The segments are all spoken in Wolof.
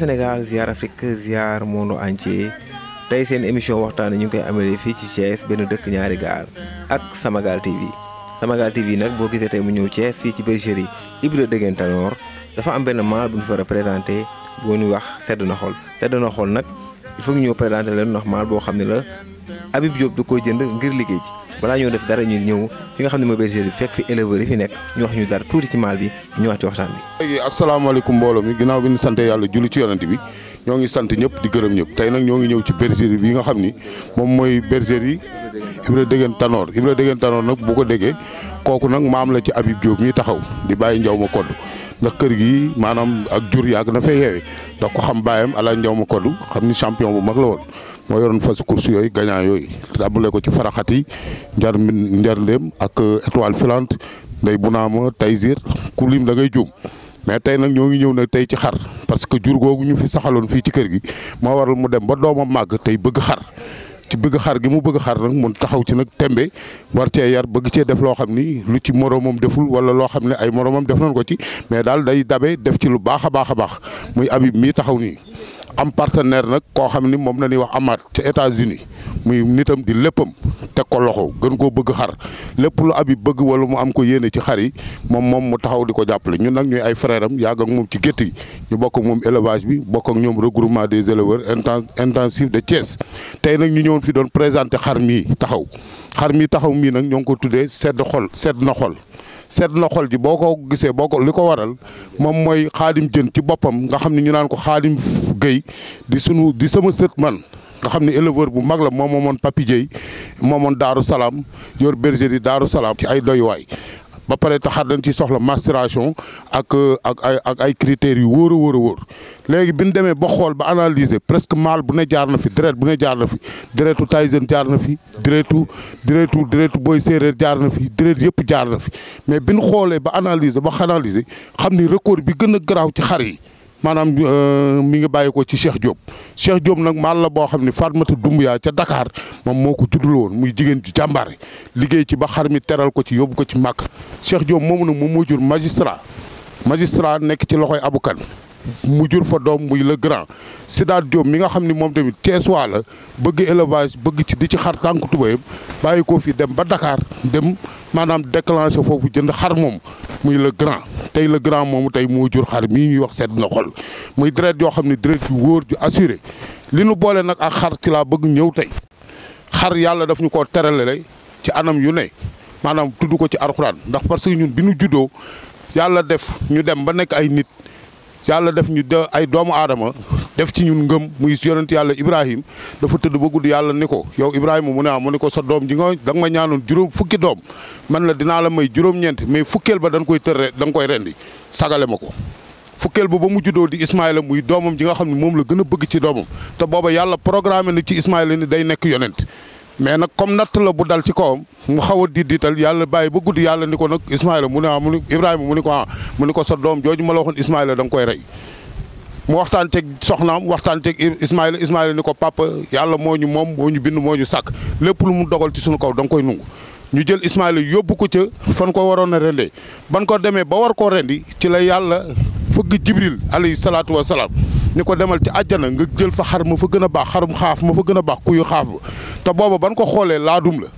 Sénégal ziar Afrique ziar monde entier tey seen émission waxtaan ñu ngi koy amalee fii ci Thiès benn dëkk ñaari gaal ak Samagal TV Samagal TV nag boo gisee tey mu ñëw Thiès fii ci bergerie Ibra Degen Tanor dafa am benn maal bu ñu fa représenté boo ñu wax sedd na xol sedd na xol nag il faut ñu ñëw présenté leen ndax maal boo xam ne la Habib Diop da ko jënd ngir liggéey ci balaa ñoo def dara ñu ñëw fi nga xam ne mooy bergerie bi fekk fi éleveurs yi fi nekk ñu wax ñu dara tuuti ci maal bi ñu wax ci waxtaan bi. léegi asalaamaaleykum mbooloo mi ginnaaw bi ñu sant yàlla julli ci yonent bi ñoo ngi sant ñëpp di gërëm ñëpp tey nag ñoo ngi ñëw ci bergerie bi nga xam ni moom mooy bergerie Ibra Degen Tanor Ibra Degen Tanor nag bu ko déggee kooku nag am la ci Habib Diop mi taxaw di bàyyi njaw ma kodd ndax kër gi maanaam ak jur yàgg na fay yeewee xam bàyyam ala njaw ma kodd xam ni champion bu mag la woon moo yoroon fas course yooyu gagnant yooyu tàmbale ko ci faraxati njar njar ndéem ak euh, étoile filante ndey bunaama taysir ku lim da ngay juum mais tey nag ñoo ngi ñëw nag tey ci xar parce que jur googu ñu fi saxaloon fii ci kër gi moo waral mu dem ba doomam màgg tey bëgg xar ci bëgg xar gi mu bëgg xar nag mun taxaw ci nag tembe war cee yar bëgg cee def loo xam ni lu ci moromam deful wala loo xam ne ay moroomam def nañ ko ci mais daal day dabe def ci lu baax a baax a baax muy abib mii taxaw nii. am partenaire nag koo xam ni moom la ñuy wax amaat ca États-Unis muy nitam di léppam teg ko loxo gën koo bëgg xar lépp lu abi bëgg wala mu am ko yéene ci xar yi moom moom mu taxaw di ko jàppale ñu nag ñuy ay frère am yàgg moom ci gétt yi ñu bokk moom élevage bi bokk ak ñoom regroupement des éleveurs intensif de Thiès tey nag ñu ñëw fi doon présenté xar mii taxaw xar mii taxaw mii nag ñoo ngi ko tuddee sedd xol sedd na xol seet na xol ji boo ko gisee boo ko li ko waral moom mooy xaalim jën ci boppam nga xam ne ñu naan ko xaalim géy di sunu di sama sët man nga xam ne éleveur bu mag la moom moomoon Papi Jéy moomoon Daaru Salaam yor bergerie Daaru Salaam ci ay doywaay ba pare taxaat dañ ci soxla masturation ak ak ay ak ay critères yu wóor a wóor léegi bi ñu demee ba xool ba analyser presque mal bu ne jaar na fi deret bu ne jaar na fi deretu Tyson jaar na fi deretu deretu deretu Boy Séeréer jaar na fi deret yëpp jaar na fi mais bi ñu xoolee ba analyser ba analyser xam ni record bi gën a garaaw ci xar yi. maanaam euh, mi ngi bàyyi ko ci Cheikh Diop Cheikh Diop nag maal la boo xam ni ne dumb yaa ca dakaar moom moo ko juddul woon muy jigéen ju jàmbaar liggéey ci ba xar mi teral ko ci yóbbu ko ci màkk Cheikh Diop moomu nag moom moo jur magistrat magistrat nekk ci loxoy abukan mu jur fa doom muy le grand Sidaat Diop mi nga xam ni moom tamit Ceesuwaa la bëgg élevage bëgg ci di ci xar tànk tubayam bàyyi ko fi dem ba dakaar dem. maanaam déclenché foofu jënd xar moom muy le grand tey le grand moomu tey moo jur xar mii ñuy wax sedd na xol muy deret yoo xam ne deret yu wóor ju assuré li nu boole nag ak xar ci laa bëgg ñëw tey xar yàlla daf ñu koo terale ci anam yu ne maanaam tudd ko ci arxuraan ndax parce que ñun bi ñu juddoo yàlla def ñu dem ba nekk ay nit yàlla def ñu de ay doomu aadama def ci ñun ngëm muy yonent yàlla Ibrahim dafa tëdd ba gudd yàlla ni ko yow Ibrahima mu ne ah mu ne ko sa doom ji nga da ma ñaanoon juróom fukki doom man la dinaa la may juróom-ñeent mais fukkeel ba dañ koy tër da koy rendi sagale ma ko. fukkeel ba ba mu juddoo di Ismaïla muy doomam ji nga xam ne moom la gën a bëgg ci doomam te booba yàlla programme na ci Ismaïla ni day nekk yonent mais nag comme natt la bu dal ci kawam mu xaw a di diital yàlla bàyyi ba guddi yàlla ni ko nag Ismaïla mu ne ah mu mu ne ko ah, mu ne ko sa doom jooju ma la waxoon Ismaïla danga koy rey mu waxtaan teg soxnaam waxtaan teg Ismaïla Ismaïla ni ko papa yàlla moo ñu moom moo ñu bind moo ñu sàkk lépp lu mu dogal ci suñu kaw da koy nungu ñu jël Ismaïla yóbbu ko ca fan ko waroon a rendee ban ko demee ba war koo rendi ci la yàlla fëgg Jibril alayhi salaatu wa salaam ni ko demal ci àjjana nga jël fa xar ma fa gën a baax xarum xaaf ma fa gën a baax kuyu xaaf ba te booba ban ko xoolee laadum la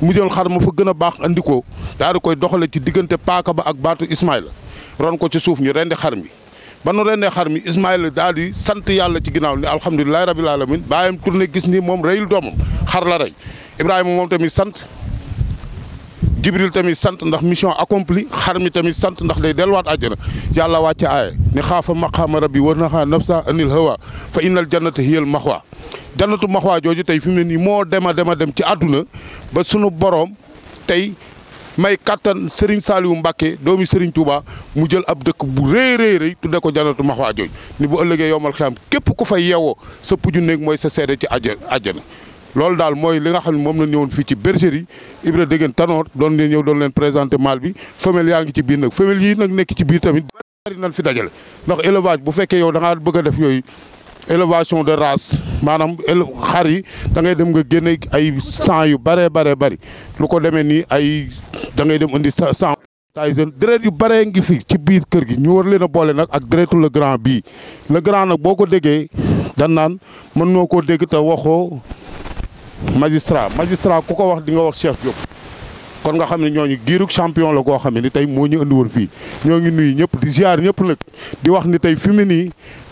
mu jël xar ma fa gën a baax andi ko daal koy doxale ci diggante paaka ba ak baatu Ismaïla ron ko ci suuf ñu rendi xar mi banu rené rendee xar mi Ismaïla daal sant yàlla ci ginaaw ni alhamdullilah rabbil alamin bàyyam tourné gis ni mom reyul dom xar la ray ibrahim mom tamit sant Jibril tamit sant ndax mission accompli xar mi tamit sant ndax day delluwaat aljana yàlla wàcce ay ni khafa maqama rabbi wa na nafsa anil hawa fa innal jannata hiyal mahwa jannatu mahwa joju tay fi mu ne dema moo dem ci aduna ba sunu borom tay may kattan Serigne Saliou Mbacke doomi Serigne Touba mu jël ab dëkk bu rëy rëy rëy tudde ko janatu maxwaa jooj ni bu ëllëgee yomal xam képp ku fay yeewoo sa puju néeg mooy sa seede ci àjj àjjana loolu daal mooy li nga xam ne moom la ñëwoon fii ci bergerie Ibra Degen Tanor doon leen ñëw doon leen présenté mal bi femelle yaa ngi ci biir nag femelle yi nag nekk ci biir tamit bari nañ fi dajale ndax élevage bu fekkee yow da bëgg a def yooyu élevation de race maanaam xar yi da ngay dem nga génne ay sang yu baree baree bari lu ko demee nii ay da ngay dem indi sa sang Tyson yu bare ngi fi ci biir kër gi ñu war leen a boole nag ak deretu le grand bii le grand nag boo ko déggee dan naan mën noo koo dégg te waxoo magistrat magistrat ku ko wax di nga wax Cheikh Diop kon nga xam ne ñooñu giirug champion la koo xam ne ni tey moo ñu andi woon fii ñoo ngi nuyu ñëpp di ziar ñëpp nag di wax ni tey fi mu nii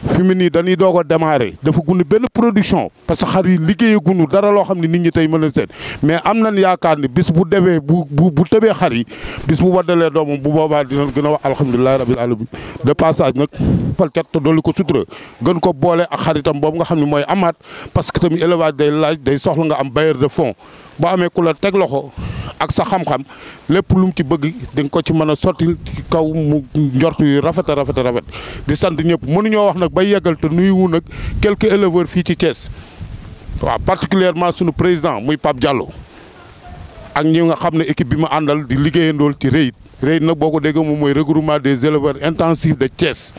fi mu nii dañuy doog a démarrer dafa gun benn production parce que xar yi liggéeyagunu dara loo xam ne nit ñi tey mën a seet mais am nañ yaakaar ni bis bu defee bu bu bu tëbee xar yi bis bu waddalee doomam bu boobaa dinañ gën a wax alhamdulilahi rabil alamin de passage nag fal cat te dolli ko sutura gën ko boole ak xaritam boobu nga xam ne mooy amaat parce que tamit élevage day laaj day soxla nga am bailleur de fonds boo amee ku la teg loxo ak sa xam-xam lépp lu mu ci bëgg di nga ko ci mën a sotti ci kaw mu njortu yu rafet a rafet a rafet di sant ñëpp mënuñoo wax nag bay yeggal te nuy nuyuwu nag quelques éleveurs fii ci Thiès waaw particulièrement suñu président muy Pape Diallo ak ñi nga xam ne équipe bi mu àndal di liggéeyandool ci REIT REIT nag boo ko déggee moom mooy regroupement des éleveurs intensifs de Thiès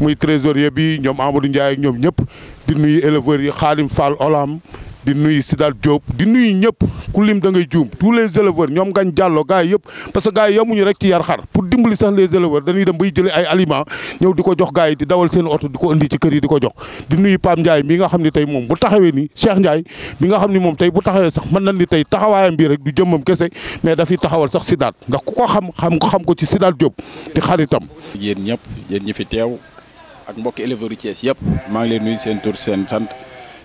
muy trésorier bi ñoom Amadou Ndiaye ak ñoom ñëpp di nuyu éleveurs yi Xaalim Fall Olam di nuyu Sidal Diop di nuyu ñëpp ku lim da ngay juum tous les éleveurs ñoom ngañ jàlloo gars yi yëpp parce que gars yi yamuñu rek ci yar xar pour dimbali sax les éleveurs dañuy dem bay jëlee ay aliments ñëw di ko jox gars yi di dawal seen oto di ko indi ci kër yi di ko jox di nuyu Pape Ndiaye mi nga xam ne tey moom bu taxawee ni Cheikh Ndiaye mi nga xam ne moom tey bu taxawee sax man nañ ni tey taxawaaya bii rek du jëmmam kese mais dafiy taxawal sax Sidaat ndax ku ko xam xam xam ko ci Sidal Diop di xaritam yéen ñëpp yéen ñi fi teew ak mbokki éleveurs yu yëpp maa ngi leen nuyu seen tur sant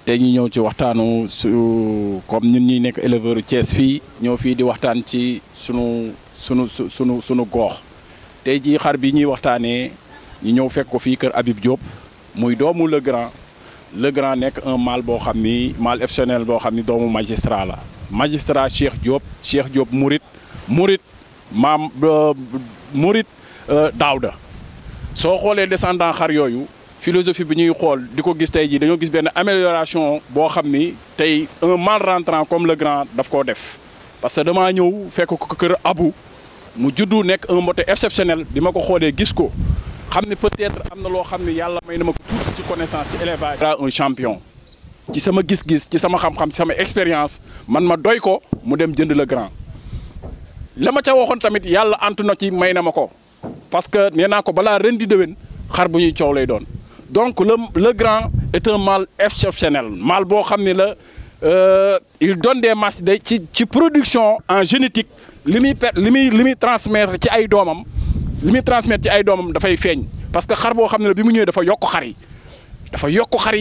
tey ñu ñëw ci waxtaanu su comme ñun ñuy nekk éleveur Thiès fii ñoo fii di waxtaan ci sunu sunu su sunu sunu goox tey jii xar bi ñuy waxtaanee ñu ñëw fekk ko fii kër Habib Diop muy doomu Le Grand nekk un mâle boo xam ni mâle exceptionnel boo xam ni doomu magistrat la magistrat Cheikh Diop Cheikh Diop Murit Murit maam euh, Murit euh, Daouda soo xoolee descendant xar yooyu philosophie bi ñuy xool di ko gis tey ji dañu gis ben amélioration bo xamni tay tey un mal rentrant comme le grand daf ko def parce que dama ñew fekk ko keur abu mu juddu n'ek un moto exceptionnel bima ma ko xolé gis ko xamni peut-être amna lo xamni yalla ni may na ko tout ci connaissance ci élevage. un champion ci sama gis-gis ci sama xam-xam ci sama expérience man ma doy ko mu dem jënd le grand la ma ca waxon tamit yalla antuna ci may na ko parce que nee ko bala rendi di xar bu ñuy coow lay doon donc le le grand est un mal exceptionnel Mal boo euh, il donne des masses de ci production en génétique Limi muy per transmettre ci ay domam limi transmettre ci ay da fay feeñ parce que xar bo xam bi mu ñëw dafa yokk xar dafa yokk xar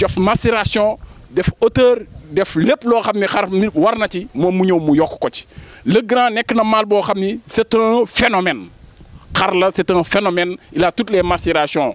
def macération def hauteur def lepp lo xam xar mi war na ci mom mu ñëw mu yok ko ci le grand nek na mal bo xamni c'est un phénomène xar la c'est un phénomène il a toutes les macérations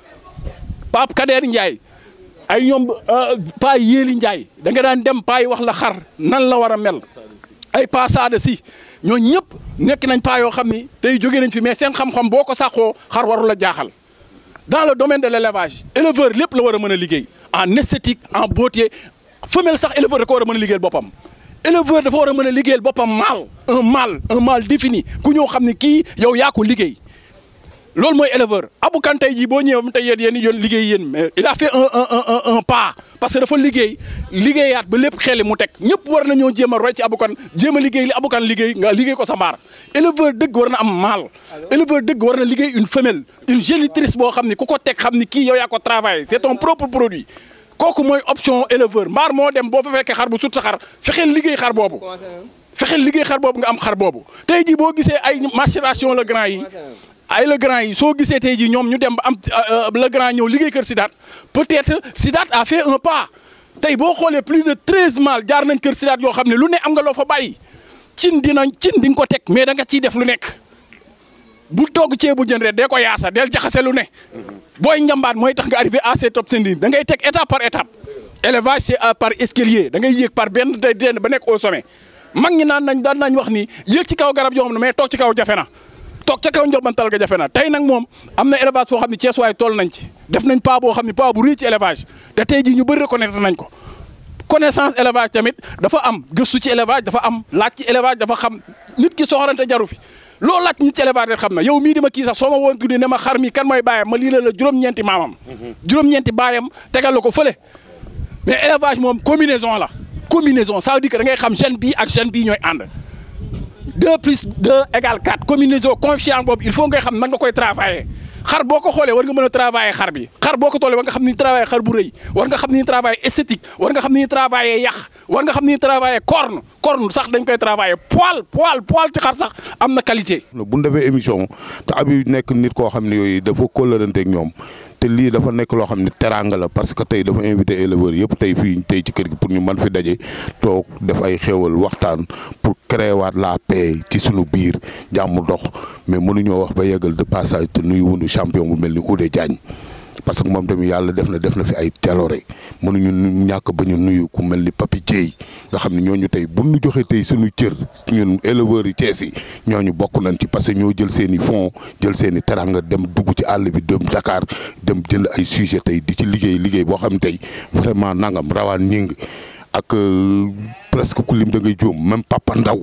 Pape Kader Ndiaye ay ñoom euh, Paa Yéeli Ndiaye da nga daan dem Paa yi wax la xar nan la war a mel ay Paa Saada si ñooñu ñëpp nekk nañ Paa yoo xam ni tey jóge nañ fi mais seen xam-xam boo ko sàqoo xar warul la jaaxal. dans le domaine de l' élevage éleveur lépp la war a mën a liggéey en esthétique en beauté femelle sax éleveur da ko war a mën a liggéeyal boppam. éleveur dafa war a mën a liggéeyal boppam mâle un mâle un mâle défini ku ñoo xam ne kii yow yaa liggéey. lol moy éleveur Abou Kane tey jii boo ñëwee tey yéen yéen yoon mais il a fait un un un un pas parce que dafa liguey ligueyat ba lepp xel mu tek ñepp war nañoo jema roy ci Abou kan jema liguey, li Abou kan liguey nga liguey ko sa mar éleveur deug war na am mâle éleveur deug war na liguey une femelle une génitrice bo xamni ni ku ko teg xam ni yow yaa ko c'est ton propre produit koku moy option éleveur mar mo dem bo fa fekkee xar bu sut xar fexel liguey xar bobu fexel liguey xar bobu nga am xar bobu tay ji bo gisee ay maturation le grand yi ay le grand yi so gisee tey jii ñoom ñu dem ba am euh, euh, le grand ñëw liggéey kër sidat peut-être sidat a fait un pas tay bo xolé plus de treize mal jaar nañ kër sidat yo xamné lu né am nga lo fa bàyyi cin dinañ cin di ng ko tek mais da nga ci def lu nekk bu togg bu jënd rek dé ko yaasa del jaxassé lu né booy ñambaat moy tax nga arrivé à ces top seen da ngay tek étape par étape élevage c'est euh, par escalier da ngay yéeg par benn day ba nek au sommet mag ñi nan nañ daan nañ wax ni yéeg ci kaw garab yo xamné mais tok ci kaw jafe na. toog ca kaw njëmbantal ga jafe nag moom am na élevage foo xam ne Cees waay toll nañ ci def nañ pas boo xam ne pas bu rëy ci élevage te tey jii ñu bëri reconnaître nañ ko connaissance élevage tamit dafa am gëstu ci élevage dafa am laaj ci élevage dafa xam nit ki soxorante jaru fi loolu laaj nit ci élevage xam na yow mii di ma kii sax soo ma woon guddi ne ma xar mi kan mooy bàyyam ma lii la la juróom-ñeenti maamam juróom-ñeenti bàyyam tegal la ko fële mais élevage moom combinaison la combinaison ça veut dire ngay xam gène bii ak gène bii ñooy ànd 2 plus 2 égale 4 communaux confiance Bob, il faut nga xam nan nga koy travailler xar boko xolé war nga mën travailler xar bi xar boko ko war nga xam ni travailler xar bu reuy war nga xam ni travailler esthétique war nga xam ni travailler yax war nga xam ni travailler corne corne sax dañ koy travailler poil poil poil ci xar sax amna qualité. bu ñu émission ta abi nek nit ko xamni yoy dafa dafa ak ñom te lii dafa nekk loo xam ne teraanga la parce que tey dafa invité éleveurs yëpp tey ñu tey ci kër gi pour ñu mën fi daje toog def ay xéewal waxtaan pour créer waat la paix ci suñu biir jàmm dox mais mënuñoo wax ba yeggal de passage te nuy wundu champion bu mel ni Oudé Diagne parce que moom tamit yàlla def na def na fi ay teloore mënuñu ñàkk ba ñu nuyu ku mel ni Papi Dieye nga xam ne ñooñu tey bu ñu joxe tey suñu cër ñun éleveurs yi Thiès yi ñu bokk nañ ci parce que ñoo jël seen i jël seeni i teranga dem dugg ci àll bi dem Dakar dem jënd ay sujet tey di ci liggéey liggéey boo xam ne tey vraiment nangam rawaan ñing ak euh, presque ku lim da ngay juum même Papa Ndaw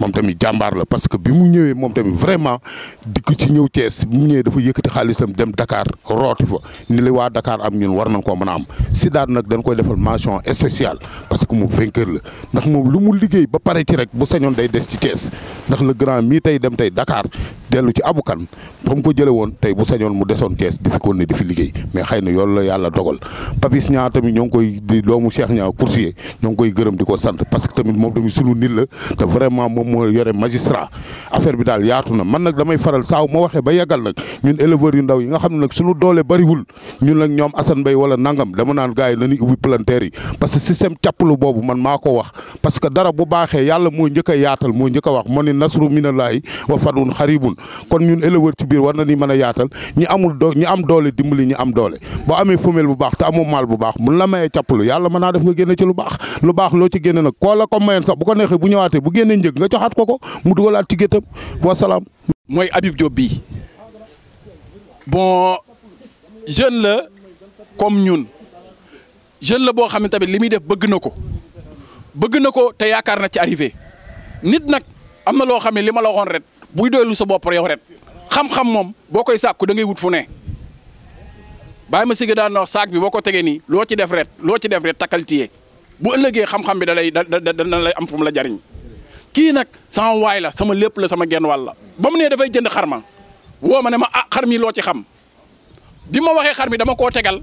moom tamit jàmbaar la parce que bi mu ñëwee moom tamit vraiment dikk ci ñëw Thiès bi mu ñëwee dafa yëkkati xaalisam dem dakaar rooti fa ni la waa Dakar am ñun war nañ koo mën a am Sidaat nag dañ koy defal mention spéciale parce que moom vainqueur la ndax moom lu mu liggéey ba pare ci rek bu señoon day des ci Thiès ndax le grand mii tey dem tey Dakar dellu ci abu kan fa ko jële woon tey bu sañoon mu desoon Thiès di fi ko fi liggéey mais xëy na yoolu la yàlla dogal Papis ñaa tamit ñoo ngi koy di doomu Cheikh ñaa coursier ñoo ngi koy gërëm di ko sant parce que tamit moom tamit sunu nit la te vraiment moom moo yore magistrat affaire bi daal yaatu na man nag damay faral saaw ma waxee ba yeggal nag ñun éleveurs yu ndaw yi nga xam ne nag sunu doole bariwul ñun nag ñoom Assane Mbaye wala nangam dama naan gars yi nañuy palanteer yi parce que système càppalu boobu man maa ko wax parce que dara bu baaxee yàlla moo njëkk yaatal moo njëkk a wax ma ne nasru minallahi wa fadun xaribun kon ñun éleveur ci biir war na ni mën a yaatal ñi amul do ñi am doole dimbali ñi am doole boo amee femelle bu baax te amoo mâle bu baax mun la mayee càppalu yàlla mën naa def nga génne ci lu baax lu baax loo ci génne nag koo la ko mayoon sax bu ko neexee bu ñëwaatee bu génnee njëg nga joxaat ko ko mu dugalaat ci géttam wasalaam mooy Habib Diop bii bon jeune la comme ñun jeune la boo xam ne tamit li muy def bëgg na ko bëgg na ko te yaakaar na ci arrivé nit nag am na loo xam ne li ma la waxoon ret buy doylu sa bopp yow rek xam-xam moom boo koy sàkku da ngay wut fu ne bàyyi ma sigga daan na saak bi boo ko tegee nii loo ci def rek loo ci def ret takkal tiyee bu ëllëgee xam-xam bi da lay da da lay am fu la jariñ kii nag sama waay la sama lépp la sama genn wàll la ba mu nee dafay jënd xar ma woo ma ne ma ah xar mi loo ci xam bi ma waxee xar mi dama koo tegal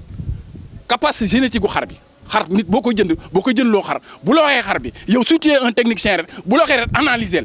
capacité génétique gu xar bi xar nit boo koy jënd boo koy jënd loo xar bu la waxee xar bi yow su tu es un technicien bu la waxee ret analyser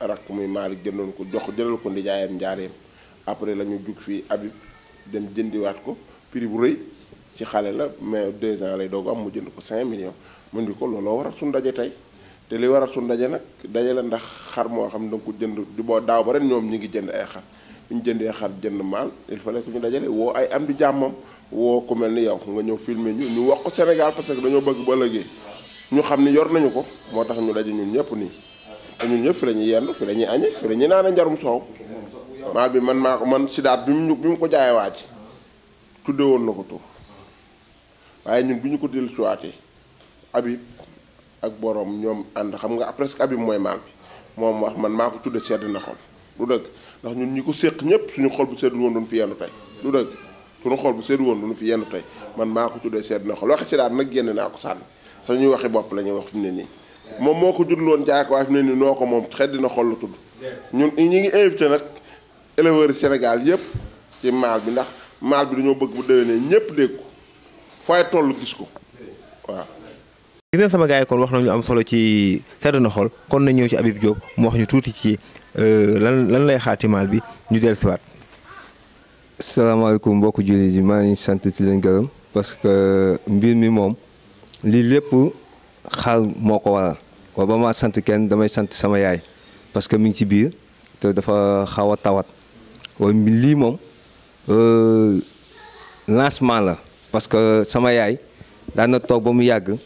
rakk muy Malick jëndoon ko jox jëlal ko ndijaayam njaareem après la ñu jug fii abi dem jëndiwaat ko prix bu rëy ci xale la mais deux ans lay doog am mu jënd ko 5 millions mu indi ko looloo waral suñu daje tey te li waral suñu daje nag daje la ndax xar moo xam da nga ko jënd di boo daaw ba ren ñoom ñi ngi jënd ay xar ñu jëndee xar jënd maal il fallait que ñu dajale woo ay am di jàmmam woo ko mel ni yow nga ñëw filme ñu ñu wax ko Sénégal parce que dañoo bëgg ba ëllëgee ñu xam ni yor nañu ko moo tax ñu daje ñun ñëpp nii. ñun ñëpp fi la ñuy yendu fi la ñuy añe fi la ñuy naan njarum soow maal bi man maa ko man sidaat bi mu bi mu ko jaayee waa ji tudde woon na ko tur waaye ñun bi ñu ko dellu siwaatee Habib ak borom ñoom ànd xam nga presque Habib mooy maal bi moom wax man maa ko tudde sedd na xol du dëgg ndax ñun ñi ko séq ñëpp suñu xol bu sedd woon duñu fi yendu tey du dëgg suñu xol bu sedd woon duñu fi yendu tey man maa ko tuddee sedd na xol waxe sidaat nag génn naa ko sànni sax ñuy waxi bopp la ñuy wax fi mu ne nii moom moo ko judlu loon jaay ko waaye fi ne nii noo ko moom xet na xol la tudd ñun ñi ngi invité nag éleveurs yi Sénégal yëpp ci maal bi ndax maal bi dañoo bëgg bu déwénee ñëpp dégg ko fay toll gis ko waaw. gis sama gars kon wax nañu am solo ci sedd na xol kon na ñëw ci Habib Diop mu wax ñu tuuti ci euh, lan lan lay xaati maal bi ñu dellusiwaat. salaamaaleykum mbokku jullit yi maa ngi sant si leen gërëm parce que euh, mbir mi moom lii lépp. xaal moo ko waral ba ba maa sant kenn damay sant sama yaay parce que mi ngi si biir te dafa xaw a tawat lii moom euh, lancement la parce que sama yaay daan na toog ba mu yàgg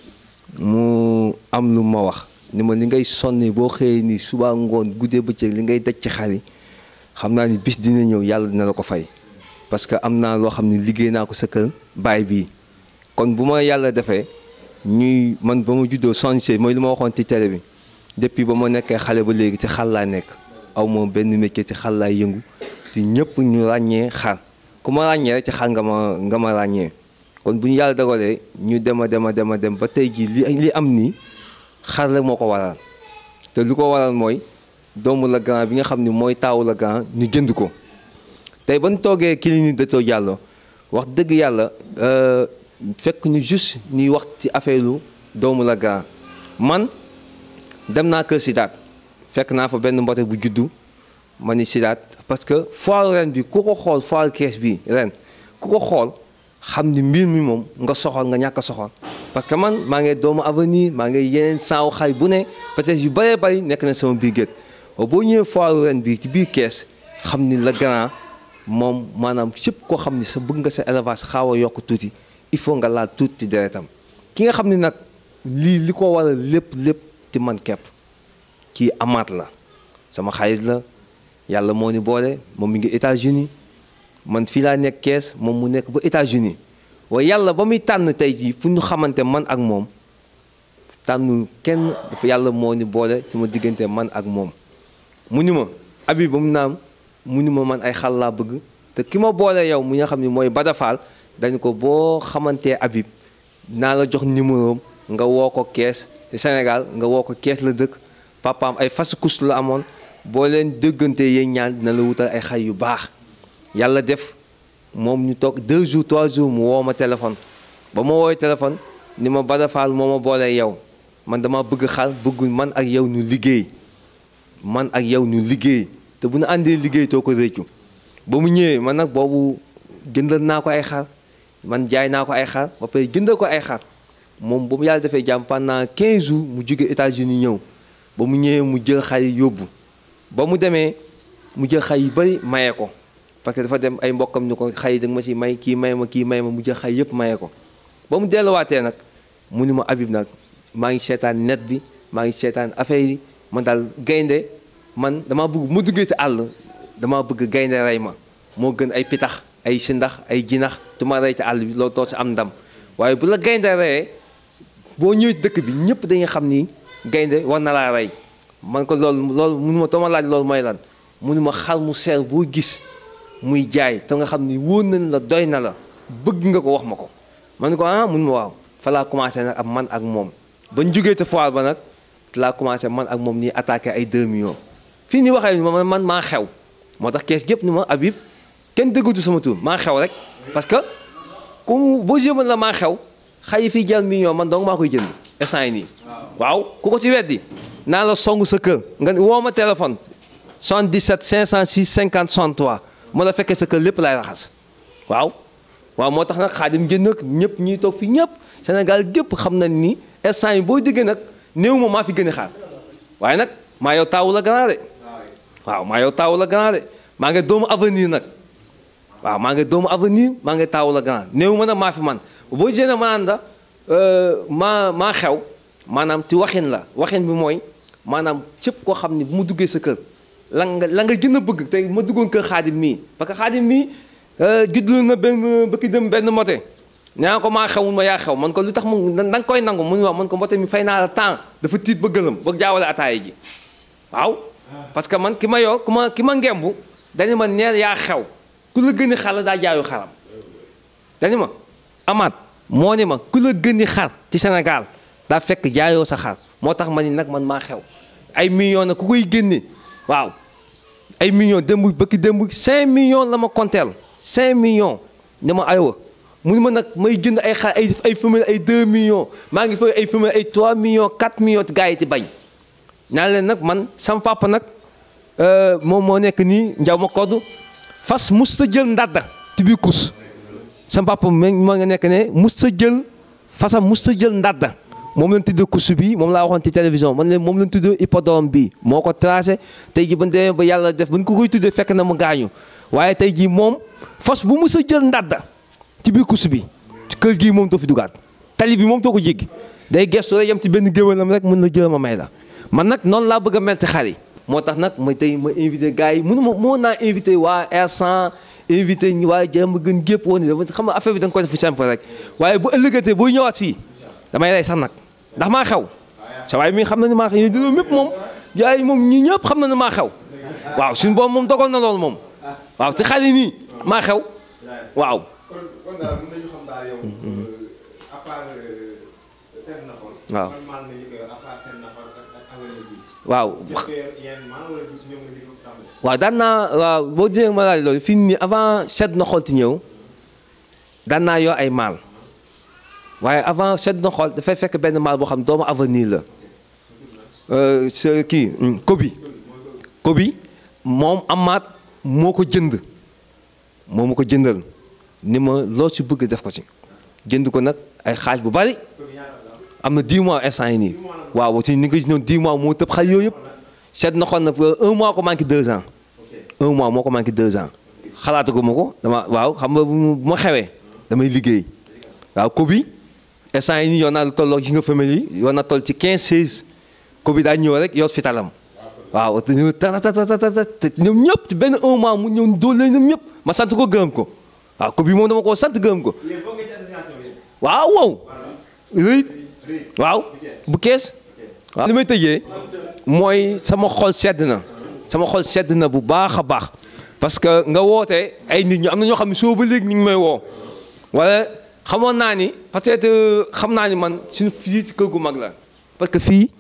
mu am lu ma wax ni ma li ngay sonni boo xëyee nii subaa ngoon guddee bëccëg li ngay daj ci xar yi xam naa ni bis dina ñëw yàlla dina la ko fay parce que am naa loo xam ne liggéey naa ko sa kër baay bii kon bu ma yàlla defee ñuy man ba mu juddoo changé mooy li ma waxoon ci télé bi depuis ba ma nekkee xale ba léegi ci xar laa nekk aw ma benn métier ci xar laay yëngu te ñëpp ñu ràññee xar ku ma ràññee rek ci xar nga ma nga ma ràññee kon bu ñu yàlla dogalee ñu dem a dem a dem a dem ba tey jii li li am nii xar la moo ko waral te lu ko waral mooy doomu la grand bi nga xam ni mooy taawu la grand ñu jënd ko tey ban toogee clinique de Diallo wax dëgg yàlla. Euh, fekk ñu juste ni wax ci affaire lu doomu la man dem na ke sidat fekk naa fa ben mbote bu juddu mani sidat parce que foal ren bi ku ko xool foire kees bi ren ku ko xool xam ni mbir mi mom nga soxol nga ñaka soxol parce que man ma ngay doomu avenir ma ngay yeen saw xay bu ne parce que yu bëree bëri nek na sama bi geet bo ñew foal ren bi ci bi kess xamni la grand mom manam cipp ko xamni sa bëgg nga sa élevage xawa yok il faut nga laal tuuti deretam ki nga xam ni nag lii li ko waral lépp lépp ti man kepp kii amaat la sama xarit la yàlla moo ni boole moom mi ngi États-Unis man fii laa nekk kees moom mu nekk ba États-Unis waaye yàlla ba muy tànn tey jii fu ñu xamante man ak moom tànnul kenn dafa yàlla moo ni boole ma diggante man ak moom mu ni ma abi ba mu naam mu ni ma man ay xal laa bëgg te ki ma boole yow mi nga xam ni mooy Bada dañ ko boo xamantee Habib naa la jox numéro nga woo ko kees Sénégal nga woo ko kees la dëkk papaam ay fas kus la amoon boo leen dëggante yéen ñaan dina la wutal ay xar yu baax yàlla def moom ñu toog deux jour trois jours mu woo ma téléphone ba ma woowee téléphone ni ma Bada Fall moo ma boolee yow man dama bëgg xar bëggul man ak yow ñu liggéey man ak yow ñu liggéey te bu ñu àndee liggéey too ko réccu ba mu ñëwee man nag boobu jëndal naa ko ay xar man jaay naa ko ay xar ba pare jëndal ko ay xar moom ba mu yàlla defee jàmm pendant 15 jours mu jóge États-Unis ñëw ba mu ñëwee mu jël xar yóbbu ba mu demee mu jël xar yu bëri maye ko parce que dafa dem ay mbokkam ni ko xar yi da ma si may kii may ma kii may ma mu jël xar yëpp mayee ko ba mu delluwaatee nag mu ni ma Habib nag maa ngi seetaan net bi maa ngi seetaan affaire yi man daal gaynde man dama bugg mu duggee ci àll dama bëgg gaynde rey ma moo gën ay pitax ay si ndax ay jinax ma rey ca àll bi loolu doo ci am ndam waaye bu la gaynde reyee boo ñëwee dëkk bi ñëpp dañuy xam ni gaynde war na laa rey man ko loolu loolu mënu laaj loolu mooy lan mënu ma xar mu seer boo gis muy jaay te nga xam ni wóor nañ la doy na la bëgg nga ko wax ma ko man ko ah mënu waaw fa laa commencé nag ab man ak moom bañ jógee ca foire ba nag laa commencé man ak moom nii attaqué ay 2 millions fii nii waxee man man maa xew moo tax kees gépp ni ma Habib kenn dëggatu sama tur maa xew rek parce que comme boo jéemoon la maa xew xay yi fii jar million man donc maa koy jënd instant yi nii waaw ku ko ci weddi naa la song sa kër nga woo ma téléphone 77 506 50 63 mu la fekkee sa kër lépp laay raxas waaw waaw moo tax nag xaadim jën nag ñëpp ñuy toog fii ñëpp Sénégal gépp xam na ni instant yi boo déggee nag néew ma maa fi gën a xaar waaye nag maa yow taawu la grand maa yow doomu avenir nag waaw maa ngi doomu avenir maa ngi taawu la grand néew man a maa fi man boo jéem a maanaam da maa maa xew maanaam ci waxin la waxin bi mooy maanaam cëpp koo xam ni bu ma duggee sa kër la nga la nga gën a bëgg tey ma duggoon kër xaadim mii parce que xaadim mii euh, juddlu na benn bëkki dem benn mote ñaa ko maa xewul yaa xew man ko lu tax mu da nga koy nangu mun waaw man ko mote mi fay naa la temps dafa tiit ba gëlëm ba jaawale ataaya ji waaw parce que man ki ma yor ku ki ma ngembu dañu ma neer yaa xew ku la gën xar la daa jaayu xaram dani ma amaat moo ne ma ku la gën xar ci Sénégal daa fekk jaayoo sa xar moo tax ma ni nag man maa xew ay millions nag ku koy génne waaw ay millions démb bëkki démb cinq million la ma konteel cinq million ne ma aywa mu ma nag may jënd ay xar ay ay femelle ay deux millions maa ngi fay ay femelle million trois millions quatre millions gars yi di bañ naa leen nag man sam nag euh, moom moo nekk nii njaw ma kodd fas musta jël ndàdd ci bi kus sam papa mo nga nek ne musta jël fasam musta jël ndàdd mom lañ tudd kus bi mom la waxon ci télévision man leen moom lañ tudd hippodrome bi moko tracé tay gi ba yalla def buñ ko koy tuddé fekk na mu gañu waye tay gi mom fas bu musta jël ndàdd ci bi kus bi kër gi mom do fi dugat tali bi mom to ko jéggi day gestu rek yem ci benn géwélam rek mën la jël ma may la man nak non la bëgg melti mel moo tax nag ma tey ma invité gars yi mënu ma moo naa invité waa R100 invité ñi waa jàmm gën gépp woon dama xam nga affaire bi da nga ko def simple rek waaye bu ëllëgatee booy ñëwaat fii damay lay sax nag ndax maa xew sa waay mi xam na ne maa xew ñu dina mépp moom gars yi moom ñu ñëpp xam na ne maa xew waaw suñu boobu moom dogal na loolu moom waaw te xale yi nii maa xew waaw waaw waaw daan naa waaw boo jëlee ma laaj loolu fii nii avant sedd na xool ñëw daan naa yoo ay maal waaye avant sedd na xool dafay fekk benn maal boo xam doomu avenir la euh, kii hmm, kobi kobi moom amaat moo ko jënd moo ma ko jëndal ni ma loo si bëgg def ko ci jënd ko nag ay xaaj bu bari am na 10 mois instant yi waaw si ni nga gis noonu 10 mois moo tëb xale yooyu yëpp seet na xoon na un mois ko manqué 2 ans un mois moo ko manqué 2 ans xalaatagu ma ko dama waaw xam nga bu ma xewee damay liggéey waaw ko bi instant yi nii yoon naa lu tolloo gis nga famille yi yoon na toll ci 15 16 ko bi daa ñëw rek yor fitalam waaw te ñoom ñoom ñëpp ci benn un mois mu ñëw doole leen ñëpp ma sant ko gërëm ko waaw ko bi moom dama ko sant gërëm ko waaw waaw. waaw bu kees. waaw li may tëjee mooy sama xol sedd na sama xol sedd na bu baax a baax parce que nga woote ay nit ñu am na ñoo xam ne soo ba léegi ñu ngi may woo wala xamoon naa ni peut-être euh, xam naa ni man suñu fii ci kër gu mag la parce que fii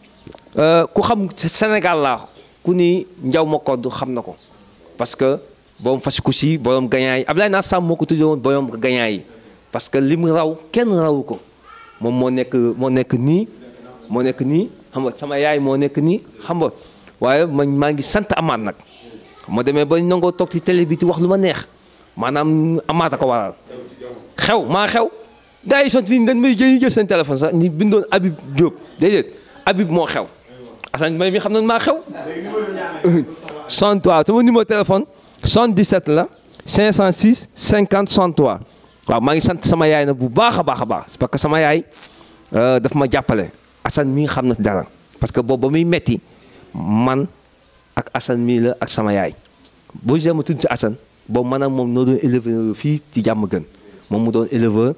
euh, ku xam Sénégal laa ku ni njaw ma kodd xam na ko parce que borom fasiku si borom gañaay Abdoulaye Nass Samb moo ko tuddee woon borom gañaay yi parce que li mu raw kenn raw ko moom moo nekk moo nekk nii moo nekk nii xam nga sama yaay moo nekk nii xam nga waaye man maa ngi sant amaat nag ma demee ba nangoo toog ci télé bi ci wax lu ma neex maanaam amaata ko waral xew maa xew gars yi sont fii dañ may jëy jël seen téléphone sax ni bindoon Habib Diop déedéet Habib moo xew Assane may mi xam na maa xew 63 sama numéro téléphone 77 la 506 50 63 waaw maa ngi sant sama yaay na bu baax a baax a baax parce que sama yaay euh, daf ma jàppale Assane mi xam na dara parce que boobu ba muy metti man ak Assane mii la ak sama yaay boo gisee ma tudd ci Assane boobu moom noo fii ci jàmm gën moom mu doon éleveur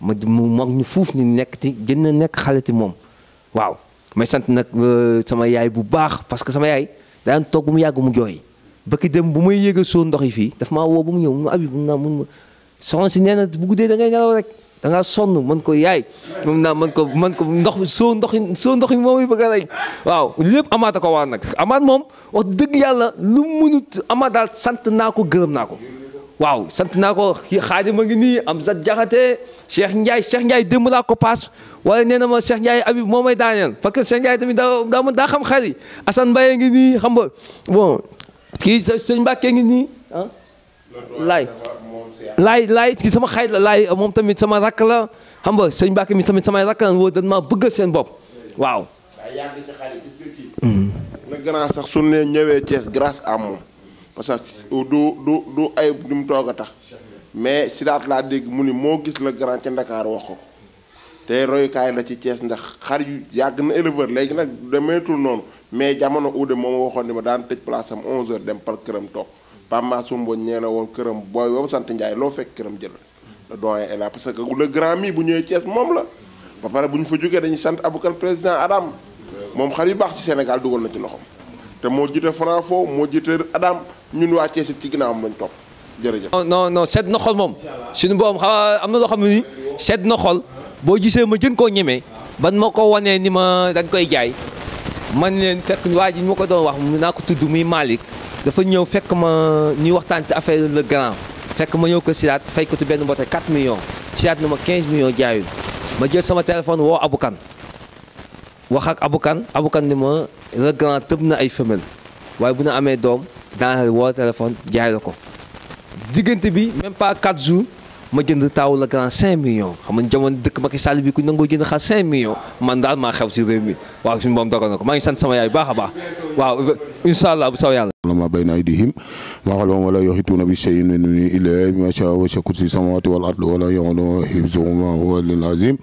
ma mu mag ñu fuuf ñu nekk ci gën nekk xale moom waaw may sant nag euh, sama yaay bu baax parce que sama yaay daan toog yàgg mu jooy bëkki dem bu may yéega soo ndox yi fii daf maa woo bu mu ñëw mu naa mun ma soxna si nee na bu guddee da ngay nelaw rek da ngaa mën ko yaay moom naa mën ko mën ko ndox soo ndox soo ndox mi moom waaw lépp amaat a ko waan nag amaat moom wax oh, dëgg yàlla lu mënut amaat daal sant naa ko gërëm naa ko waaw sant naa ko xaadima ngi nii am sat jaxate Cheikh Ndiaye Cheikh Ndiaye démb laa ko paas waaye nee na ma Cheikh Ndiaye Habib moo may daaneel parce que Cheikh Ndiaye tamit daa daa mën daa xam xar yi Mbaye ngi nii xam bon kii sëñ ngi nii ah. laay laay laay ci sama xarit la laay moom tamit sama rakk la xam nga sëñ Mbacke mi tamit samay rakk la woo dañ bëgg seen bopp waaw. Mhm. sax su ne ñëwee Thiès grâce à du du du ay du mu toog a tax mais si daat laa dégg mu ni moo gis la grand ca Ndakaar wax ko te royukaay la ci cees ndax xar yu yàgg na éleveur léegi nag demeetul noonu mais jamono uude moom waxoon ni ma daan tëj place am 11 dem par këram toog. Pape Massoum Mbodj nee na woon këram booy boobu sant Ndiaye loo fekk këram jël le doyen est là parce que le grand mi bu ñëwee Thiès moom la ba pare bu ñu fa jógee dañuy sant Aboukan président Adam moom xar yu baax ci senegal dugal na ci loxoom te moo jiite Franco moo jiite Adam ñun waa Thiès ci ginnaawam lañ topp jërëjëf. non non non sedd na xol moom suñu boobu xam am na loo xam ne ni sedd na xol boo gisee ma jën koo ñemee ban ma ko wanee ni ma dañ koy jaay man neen fekk waa ji ñu ma ko doon wax naa ko tudd muy Malick. dafa ñëw fekk ma ñuy waxtaan ci affaire le grand fekk ma ñëw ko Sidaat fay ko ci benn mboote 4 millions Sidaat na ma 15 millions jaayul ma jël sama téléphone woo Aboukan wax ak abukan Aboukan ma le grand tëb na ay femelle waaye bu nu amee doom daanaka woo téléphone jaay la ko diggante bi même pas 4 jours. ma jënd taaw la grand 5 millions xam nga jamono dëkk Macky Sall bi ku nangoo jënd xaar 5 millions man daal maa xew si réew mi waaw suñu moom dogal ko maa ngi sant sama yaay baax a baax incha allah bu saw yàlla ma bayna aydihim maa xalwahum wa laa yuhiituuna bi shay'in min ilmihi illaa bimaa shaa'a wa wasi'a kursiyuhu samaawaati wal arda wa laa yahuuduhu hifzuhumaa wa huwa al-'aliyyul 'aziim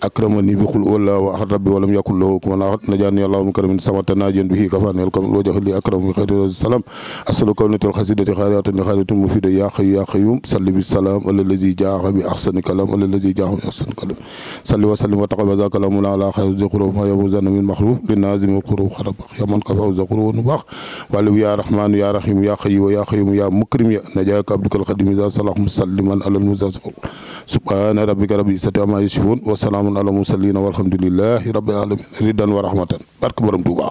akramani bi qul huwallaahu ahad rabbii wa lam yakul lahu kufuwan ahad najaani Allaahu min karbi sammat naajiyan bihi kafaanii al-kafaani wa ja'alanii akraman bi khayri raad salaam as'aluka jannatan al-khaliidati khaalidatun khaalidatun mufiidatun yaa hayyu yaa qayyuum salli bi salaam alaa lazii jaa'a bi ahsani kalaam alaa lazii jaa'a bi ahsani kalaam salli wa sallim wa taqabbal zaaka Allaahumma 'alaa khayri zikruhu maa yabuuzu min maxluuf li naazimi al-quluub xarab yaa man kafa zikruhu nubaax والله يا رحمن يا رحيم يا خيو يا خيو يا مكرم يا نجاك عبدك القديم إذا صلح مسلما على المزاجر سبحان ربك ربي ستعمى يشفون وسلام على المسلين والحمد لله رب العالمين ردا ورحمة بارك برم دوبا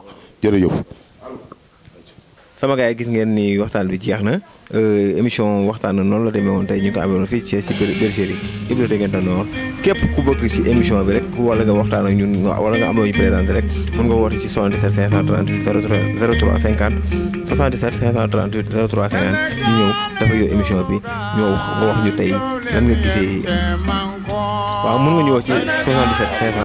sama gars yi gis ngeen ni waxtaan bi jeex na euh, émission waxtaan noonu la demee woon tey ñu ko amee woon fii ci si bergerie Ibra Déguenta Nord képp ku bëgg ci émission bi rek wala nga waxtaan ak ñun wala nga am ñu présenté rek mën nga woote ci 77 538 03 50 77 538 03 50 ñu ñëw dafa yow émission bi ñoo wax